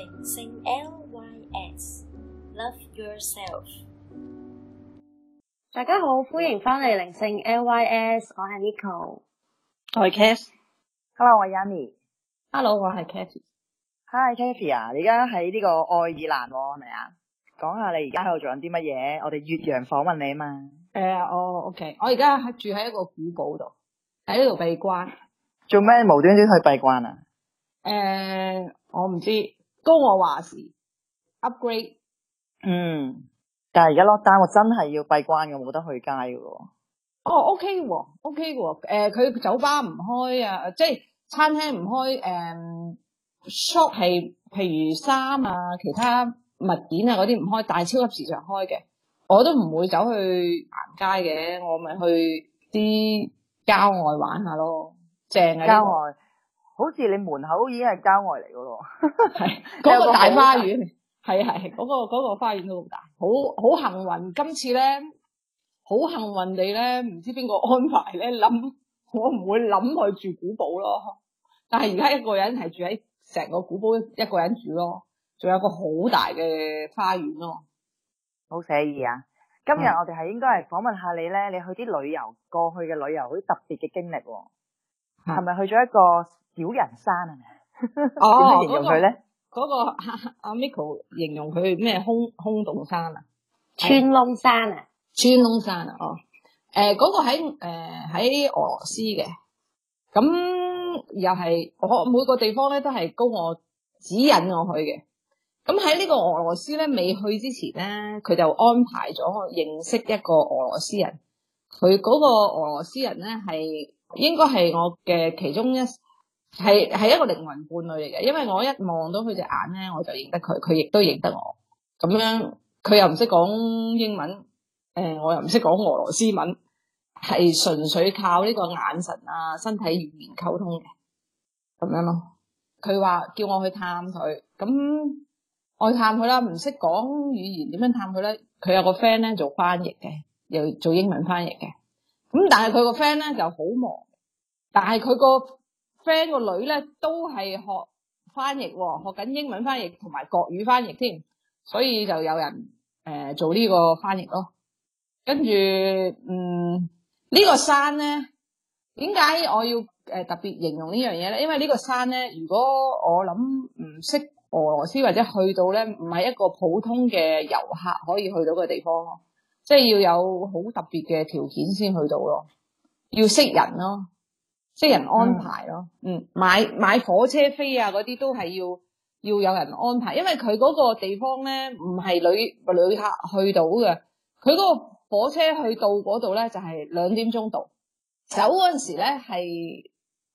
L Y S Love Yourself，大家好，歡迎翻嚟靈性 L Y S，我係 Nico，我係 k h e l l o 我係 a n n y h e l l o 我係 Kathy，Hi Kathy 啊，你而家喺呢個愛爾蘭係咪啊？講下你而家喺度做緊啲乜嘢？我哋岳陽訪問你啊嘛。誒，我 OK，我而家住喺一個古堡度，喺呢度閉關。做咩無端端去閉關啊？誒、uh,，我唔知。高我話事 upgrade。Up grade 嗯，但係而家落單我真係要閉關嘅，冇得去街喎、哦。哦，OK 喎 OK 喎。誒、okay，佢、呃、酒吧唔開啊，即係餐廳唔開。誒、呃、shop 係譬如衫啊、其他物件啊嗰啲唔開，大超級市場開嘅。我都唔會走去行街嘅，我咪去啲郊外玩，玩下咯，正嘅、啊、郊外。這個好似你門口已經係郊外嚟噶咯，係嗰個大花園，係啊係，嗰個嗰個花園都咁大，好好幸運今次咧，好幸運地咧，唔知邊個安排咧諗，我唔會諗去住古堡咯，但係而家一個人係住喺成個古堡一個人住咯，仲有個好大嘅花園咯，好寫意啊！今日我哋係應該係訪問下你咧，你去啲旅遊過去嘅旅遊好特別嘅經歷喎。係咪去咗一個小人山啊？哦， 點樣形容佢咧，嗰、哦嗰個阿、嗰個啊、Miko 形容佢咩空空洞山啊？穿窿山啊？穿窿、啊、山啊？哦，誒、呃、嗰、嗰個喺誒喺俄羅斯嘅，咁又係我每個地方咧都係高我指引我去嘅。咁喺呢個俄羅斯咧，未去之前咧，佢就安排咗我認識一個俄羅斯人。佢嗰個俄羅斯人咧係，是應該係我嘅其中一係，係一個靈魂伴侶嚟嘅，因為我一望到佢隻眼咧，我就認得佢，佢亦都認得我。咁樣佢又唔識講英文，誒、呃，我又唔識講俄羅斯文，係純粹靠呢個眼神啊、身體語言溝通嘅咁樣咯。佢話叫我去探佢，咁我去探佢啦。唔識講語言，點樣探佢咧？佢有個 friend 咧做翻譯嘅，又做英文翻譯嘅。咁但係佢個 friend 咧就好忙，但係佢個 friend 個女咧都係學翻譯喎，學緊英文翻譯同埋國語翻譯添，所以就有人誒做呢個翻譯咯。跟住嗯，呢個山咧，點解我要誒特別形容呢樣嘢咧？因為呢個山咧，如果我諗唔識俄羅斯或者去到咧，唔係一個普通嘅遊客可以去到嘅地方咯。即係要有好特別嘅條件先去到咯，要識人咯，識人安排咯，嗯，嗯，買買火車飛啊嗰啲都係要要有人安排，因為佢嗰個地方咧唔係旅旅客去到嘅，佢嗰個火車去到嗰度咧就係、是、兩點鐘到，走嗰陣時咧係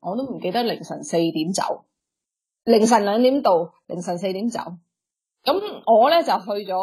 我都唔記得凌晨四點走，凌晨兩點到，凌晨四點走，咁我咧就去咗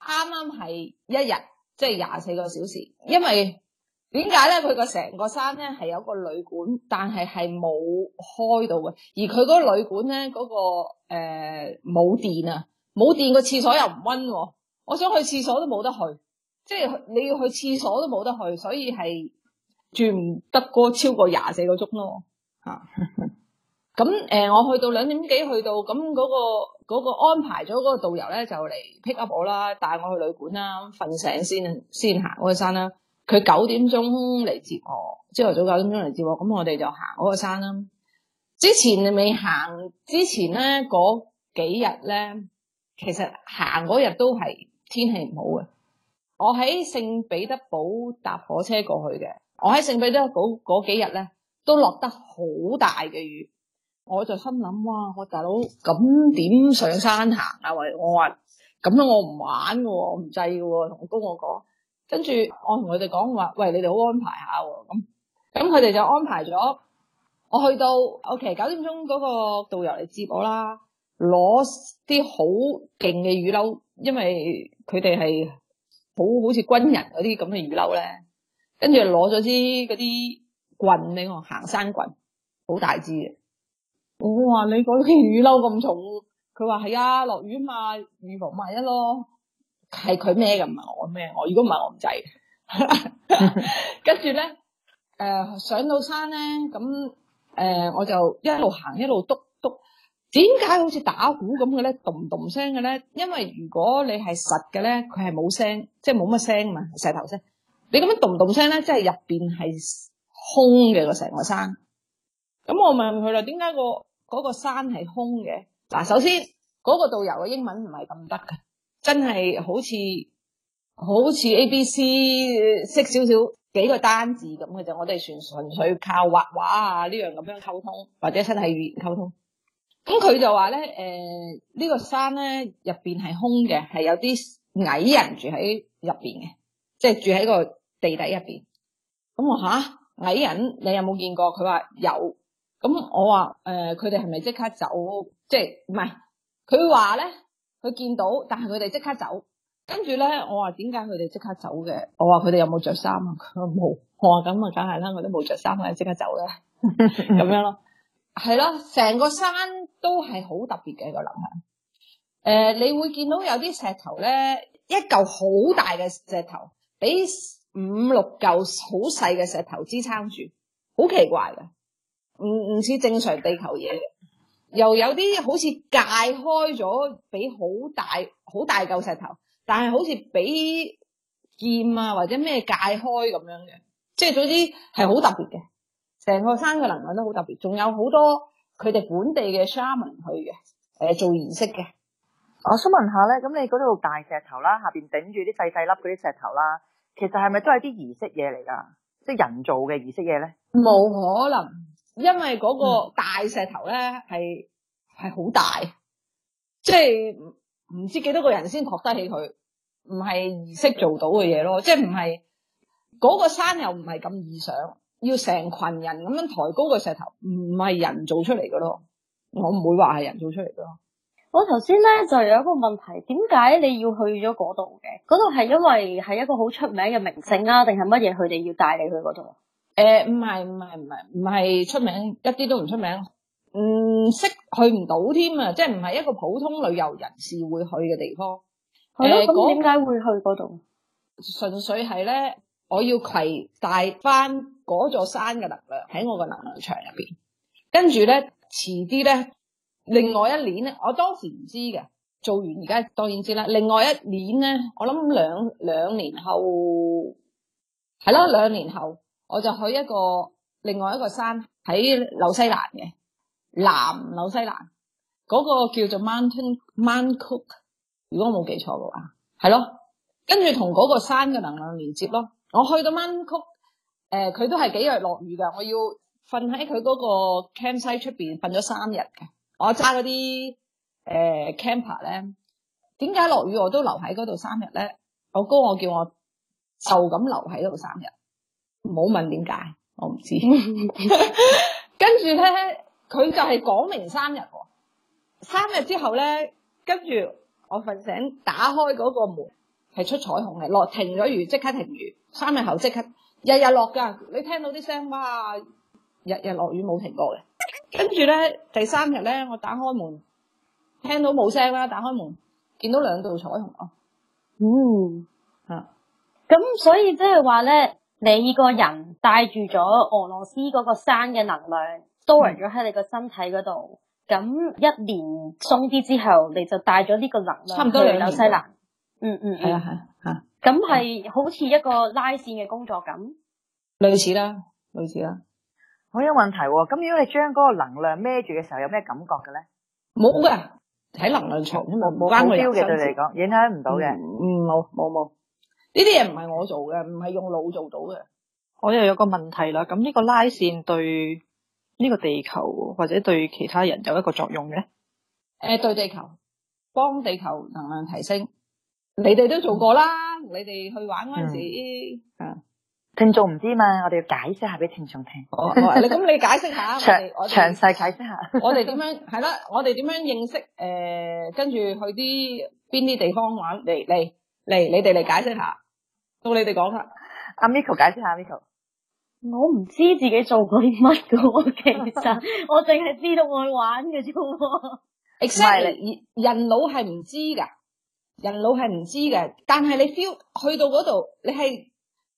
啱啱係一日。即係廿四個小時，因為點解咧？佢個成個山咧係有一個旅館，但係係冇開到嘅。而佢嗰個旅館咧，嗰個誒冇電啊，冇電個廁所又唔溫，我想去廁所都冇得去，即係你要去廁所都冇得去，所以係住唔得過超過廿四個鐘咯。啊！ 咁誒，呃，我去到兩點幾，去到咁嗰個嗰個安排咗嗰個導遊咧，就嚟 pick up 我啦，帶我去旅館啦，瞓醒先，先行嗰個山啦。佢九點鐘嚟接我，朝頭早九點鐘嚟接我，咁我哋就行嗰個山啦。之前未行之前咧，嗰幾日咧，其實行嗰日都係天氣唔好嘅。我喺聖彼得堡搭火車過去嘅，我喺聖彼得堡嗰幾日咧都落得好大嘅雨。我就心諗哇，我大佬咁點上山行啊？喂，我話咁樣，我唔玩嘅，我唔制喎。」同我高我講，跟住我同佢哋講話喂，你哋好安排下咁啊。咁佢哋就安排咗我去到 OK，九點鐘嗰個導遊嚟接我啦，攞啲好勁嘅雨褸，因為佢哋係好好似軍人嗰啲咁嘅雨褸咧。跟住攞咗支嗰啲棍俾我行山棍，好大支嘅。我話你嗰件雨褸咁重，佢話係啊，落雨嘛，預防萬一咯。係佢孭噶，唔係我孭。我如果唔係我唔制。跟住咧，誒上到山咧，咁誒我就一路行一路篤篤。點解好似打鼓咁嘅咧？咚咚聲嘅咧？因為如果你係實嘅咧，佢係冇聲，即係冇乜聲啊嘛，石頭聲。你咁樣咚咚聲咧，即係入邊係空嘅個成個山。咁我問佢啦，點解個？嗰個山係空嘅。嗱，首先嗰個導遊嘅英文唔係咁得㗎，真係好似好似 ABC 識少少幾個單字咁嘅，就我哋純純粹靠畫畫啊、呢樣咁樣溝通，或者身體語言溝通。咁佢就話咧，誒呢個山咧，入邊係空嘅，係有啲矮人住喺入邊嘅，即係住喺個地底入邊。咁我吓，矮人，你有冇見過？佢話有。咁我話誒，佢哋係咪即刻走？即係唔係？佢話咧，佢見到，但係佢哋即刻走。跟住咧，我話點解佢哋即刻走嘅？我話佢哋有冇着衫？佢話冇。我話咁啊，梗係啦，佢都冇着衫，佢係即刻走嘅。咁 樣咯，係 咯，成個山都係好特別嘅一個能量。誒、呃，你會見到有啲石頭咧，一嚿好大嘅石頭，俾五六嚿好細嘅石頭支撐住，好奇怪嘅。唔唔，似正常地球嘢嘅，又有啲好似鎅開咗，俾好大好大嚿石頭，但係好似俾劍啊或者咩鎅開咁樣嘅，即係總之係好特別嘅。成個山嘅能量都好特別，仲有好多佢哋本地嘅 shaman 去嘅，誒做儀式嘅。我想問下咧，咁你嗰度大石頭啦，下邊頂住啲細細粒嗰啲石頭啦，其實係咪都係啲儀式嘢嚟噶？即係人做嘅儀式嘢咧？冇、嗯、可能。因為嗰個大石頭咧係係好大，即係唔知幾多個人先托得起佢，唔係易式做到嘅嘢咯，即係唔係嗰個山又唔係咁易上，要成群人咁樣抬高個石頭，唔係人做出嚟嘅咯。我唔會話係人做出嚟咯。我頭先咧就有一個問題，點解你要去咗嗰度嘅？嗰度係因為係一個好出名嘅名勝啊，定係乜嘢？佢哋要帶你去嗰度？誒，唔係唔係唔係唔係出名，一啲都唔出名，唔識去唔到添啊！即係唔係一個普通旅遊人士會去嘅地方。誒，咁點解會去嗰度？純粹係咧，我要攜帶翻嗰座山嘅能量，喺我個能量場入邊。跟住咧，遲啲咧，另外一年咧，我當時唔知嘅，做完而家當然知啦。另外一年咧，我諗兩兩年後，係咯，兩年後。我就去一個另外一個山喺紐西蘭嘅南紐西蘭嗰，那個叫做 Mountain Mount Cook，如果我冇記錯嘅話，係咯。跟住同嗰個山嘅能量連接咯。我去到 Mount Cook，誒、呃、佢都係幾日落雨㗎。我要瞓喺佢嗰個 campsite 出面瞓咗三日嘅。我揸嗰啲誒 camper 咧，點解落雨我都留喺嗰度三日咧？我哥，哥我叫我就咁留喺度三日。唔好問點解，我唔知。跟住咧，佢就係講明三日，三日之後咧，跟住我瞓醒，打開嗰個門係出彩虹嘅，落停咗雨，即刻停雨。三日後即刻日日落噶，你聽到啲聲哇，日日落雨冇停過嘅。跟住咧，第三日咧，我打開門聽到冇聲啦，打開門見到兩道彩虹咯。哦、嗯，啊，咁所以即係話咧。你這個人帶住咗俄羅斯嗰個山嘅能量多咗喺你個身體嗰度，咁、嗯、一年鬆啲之後，你就帶咗呢個能量到差唔多了，去紐西蘭。嗯嗯嗯，係啊係啊吓。咁係好似一個拉線嘅工作咁，類似啦，類似啦。好有問題喎，咁如果你將嗰個能量孭住嘅時候，有咩感覺嘅咧？冇㗎，喺能量場，冇冇嘅，我對你身體，影響唔到嘅，嗯冇冇冇。呢啲嘢唔係我做嘅，唔係用腦做到嘅。我又有個問題啦，咁呢個拉綫對呢個地球或者對其他人有一個作用嘅？誒，對地球，幫地球能量提升。你哋都做過啦，你哋去玩嗰陣時，嗯，聽眾唔知嘛，我哋要解釋下俾聽眾聽。我我咁你解釋下，詳詳細解釋下，我哋點樣係啦？我哋點樣認識？誒，跟住去啲邊啲地方玩嚟嚟。嚟，你哋嚟解釋下，到你哋講啦。阿 Miko 解釋下，Miko，我唔知自己做過啲乜噶，其實 我淨係知道我去玩嘅啫。Exactly，人腦係唔知噶，人腦係唔知嘅。但係你 feel 去到嗰度，你係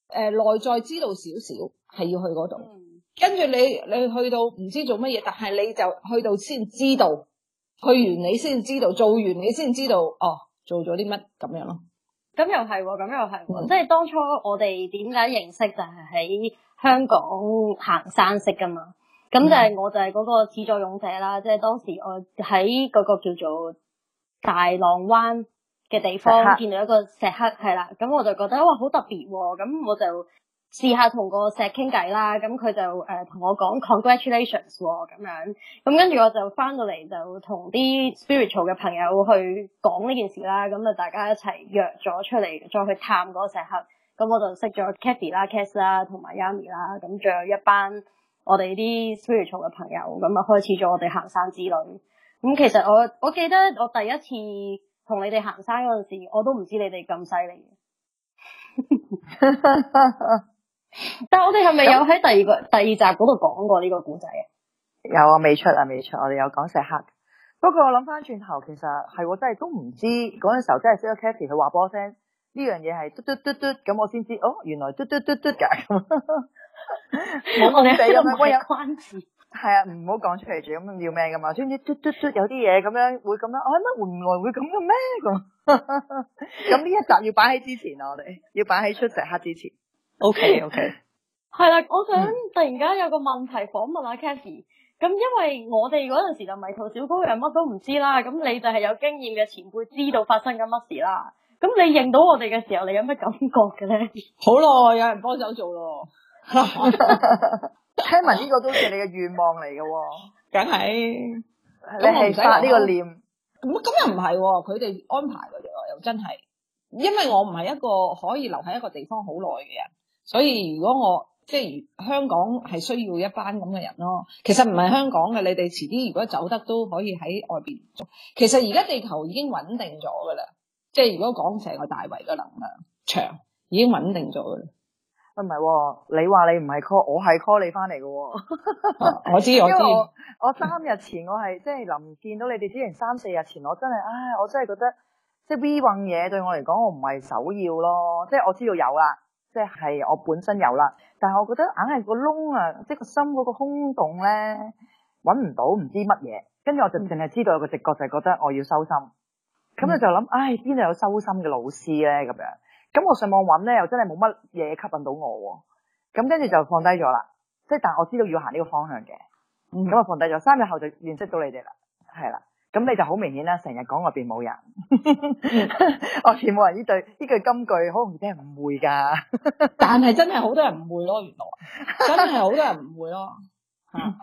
誒內在知道少少係要去嗰度。嗯、跟住你你去到唔知做乜嘢，但係你就去到先知道，去完你先知道，做完你先知道哦，做咗啲乜咁樣咯。咁又係喎、哦，咁又係喎、哦，嗯、即係當初我哋點解認識就係喺香港行山識㗎嘛？咁就係我就係嗰個始作俑者啦，即係、嗯、當時我喺嗰個叫做大浪灣嘅地方刻見到一個石刻，係啦，咁我就覺得哇好特別喎、哦，咁我就，試下同個石傾偈啦，咁佢就、呃、同我講 congratulations 喎，咁、哦、樣，咁跟住我就翻到嚟就同啲 spiritual 嘅朋友去講呢件事啦，咁啊大家一齊約咗出嚟再去探嗰個石客，咁我就識咗 Cathy 啦、Kes 啦、同埋 Yami 啦，咁仲有一班我哋啲 spiritual 嘅朋友，咁啊開始咗我哋行山之旅。咁其實我我記得我第一次同你哋行山嗰陣時，我都唔知你哋咁犀利。 但係我哋係咪有喺第二個那第二集嗰度講過呢個古仔啊？有啊，未出啊，未出，我哋有講石刻。不過我諗翻轉頭，其實係我真係都唔知嗰陣時候，真係識咗 Cathy 佢話波聲呢樣嘢係嘟嘟嘟嘟，咁我先知哦，原來嘟嘟嘟嘟嘅。冇咁死啊！我有關字，係啊，唔好講出嚟住，咁要咩噶嘛？知唔知嘟嘟嘟嘟有啲嘢咁樣會咁樣？我諗、哎、原來會咁嘅咩？咁咁呢一集要擺喺之前啊！我哋要擺喺出石刻之前。O K O K，係啦，我想突然間有個問題訪問下 Cathy。咁因為我哋嗰陣時就迷途小高人，乜都唔知啦。咁你就係有經驗嘅前輩，知道發生緊乜事啦。咁你認到我哋嘅時候，你有乜感覺嘅咧？好耐，有人幫手做咯。 聽聞呢個都係你嘅願望嚟嘅，梗係你係發呢個念咁，咁又唔係、啊？佢哋安排嘅啫，又真係，因為我唔係一個可以留喺一個地方好耐嘅人。所以如果我，即係香港係需要一班咁嘅人咯，其實唔係香港嘅，你哋遲啲如果走得都可以喺外邊做。其實而家地球已經穩定咗噶啦，即係如果講成個大圍嘅能量場已經穩定咗噶啦。唔係喎，你話你唔係 call，我係 call 你翻嚟嘅。我知，我知，因為我， 我三日前我係即係臨見到你哋之前三四日前，我真係唉，我真係覺得即係、就是、V 運嘢對我嚟講，我唔係首要咯，即、就、係、是、我知道有啦。即係我本身有啦，但係我覺得硬係個窿啊，即係個心嗰個空洞咧，揾唔到唔知乜嘢，跟住我就淨係、嗯、知道有個直覺就係、覺得我要收心，咁、嗯、你就諗，唉邊度有收心嘅老師咧咁樣，咁我上網揾咧又真係冇乜嘢吸引到我喎，咁跟住就放低咗啦，即係但係我知道要行呢個方向嘅，咁啊、嗯、放低咗，三日後就認識到你哋啦，係啦。咁你就好明顯啦，成日講外邊冇人，外邊冇人呢，對呢句金句好容易俾人誤會㗎。 但係真係好多人誤會咯，原來真係好多人誤會咯。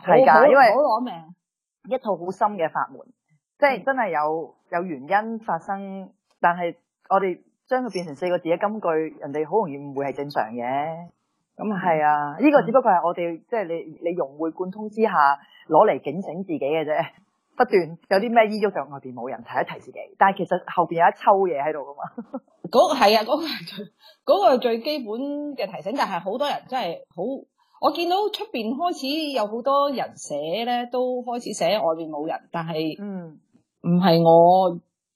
係 㗎， 好因為一套好深嘅法門，嗯、即係真係有有原因發生，但係我哋將佢變成四個字嘅金句，人哋好容易誤會係正常嘅。咁係、嗯、啊，呢、呢個只不過係我哋即係你你融會貫通之下攞嚟警醒自己嘅啫。不斷有啲咩依喐就外邊冇人提一提自己，但係其實後邊有一抽嘢喺度噶嘛。嗰係啊，嗰、嗰個係最、嗰個、最基本嘅提醒，但係好多人真係好，我見到出邊開始有好多人寫咧，都開始寫外邊冇人，但係唔係我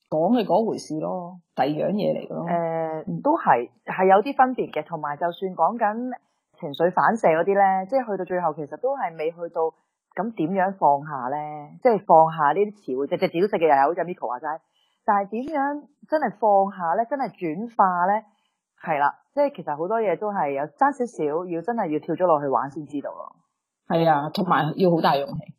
講嘅嗰回事咯，第二樣嘢嚟噶咯。誒、呃，都係係有啲分別嘅，同埋就算講緊情緒反射嗰啲咧，即係去到最後其實都係未去到。咁點樣放下咧？即係放下呢啲詞，即係自己都識嘅，又係好似 Miko 話齋。但係點樣真係放下咧？真係轉化咧？係啦，即係其實好多嘢都係有爭少少，要真係要跳咗落去玩先知道咯。係啊，同埋要好大勇氣。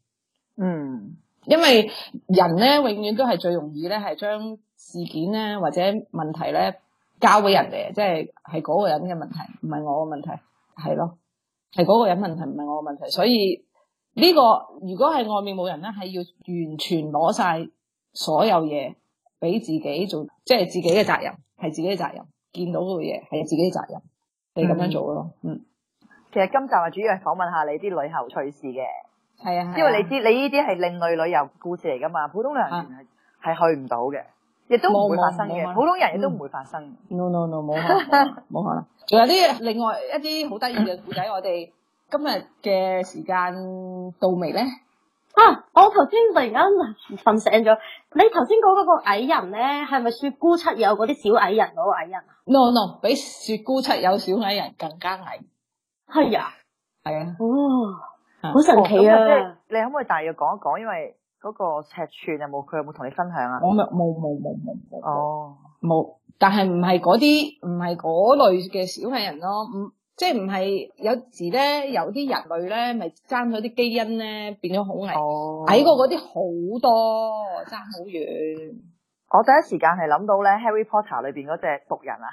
嗯，因為人咧永遠都係最容易咧係將事件咧或者問題咧交俾人哋，即係係嗰個人嘅問題，唔係我嘅問題，係咯，係嗰個人問題，唔係我嘅問題，所以。呢、這個如果係外面冇人咧，係要完全攞晒所有嘢俾自己做，即係自己嘅責任，係自己嘅責任。見到嗰個嘢係自己嘅責任，你咁、嗯、樣做嘅咯，嗯。其實今集係主要係訪問一下你啲旅遊趣事嘅，係啊，係啊，因為你知你呢啲係另類旅遊故事嚟噶嘛，普通旅行團係、啊、去唔到嘅，亦都唔會發生嘅，啊、普通人亦都唔會發生的、嗯。No no no，冇可能，冇可能。仲 有啲另外一啲好得意嘅故仔，我哋。今日嘅時間到未咧？啊！我頭先突然間瞓醒咗。你頭先講嗰個矮人咧，係咪雪姑七友嗰啲小矮人嗰個矮人啊？No no，比雪姑七友小矮人更加矮。係啊，係啊。哦，好神奇啊！咁即係，你可唔可以大約講一講？因為嗰個尺寸有冇，佢有冇同你分享啊？我咪冇冇冇冇。哦，冇，但係唔係嗰啲，唔係嗰類嘅小矮人咯。嗯。即係唔係有時咧，有啲人類咧，咪爭佢啲基因咧，變咗好危，oh. 矮過嗰啲好多，爭好遠。我第一時間係諗到咧《Harry Potter》裏邊嗰隻僕人啊，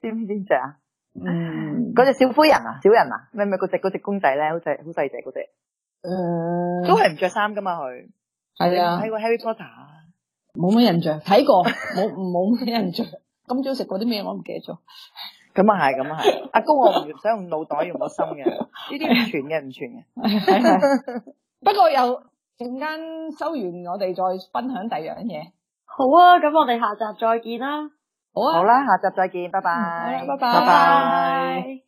知唔知邊隻啊？嗯，嗰隻小灰人啊，小人啊，咩咩嗰隻嗰隻公仔咧，好細好細隻嗰隻。誒，mm. 都係唔着衫噶嘛佢。係啊。睇過、啊、過《Harry Potter 》啊，冇乜印象，睇過冇冇咩印象。今朝食過啲咩我唔記得咗。咁啊係，咁啊係，阿，高我我唔想用腦袋用個心嘅，呢啲唔全嘅，唔全嘅。不過又陣間收完，我哋再分享第二樣嘢。好啊，咁我哋下集再見啦。好啊，好啦，下集再見，拜拜，拜拜，拜拜。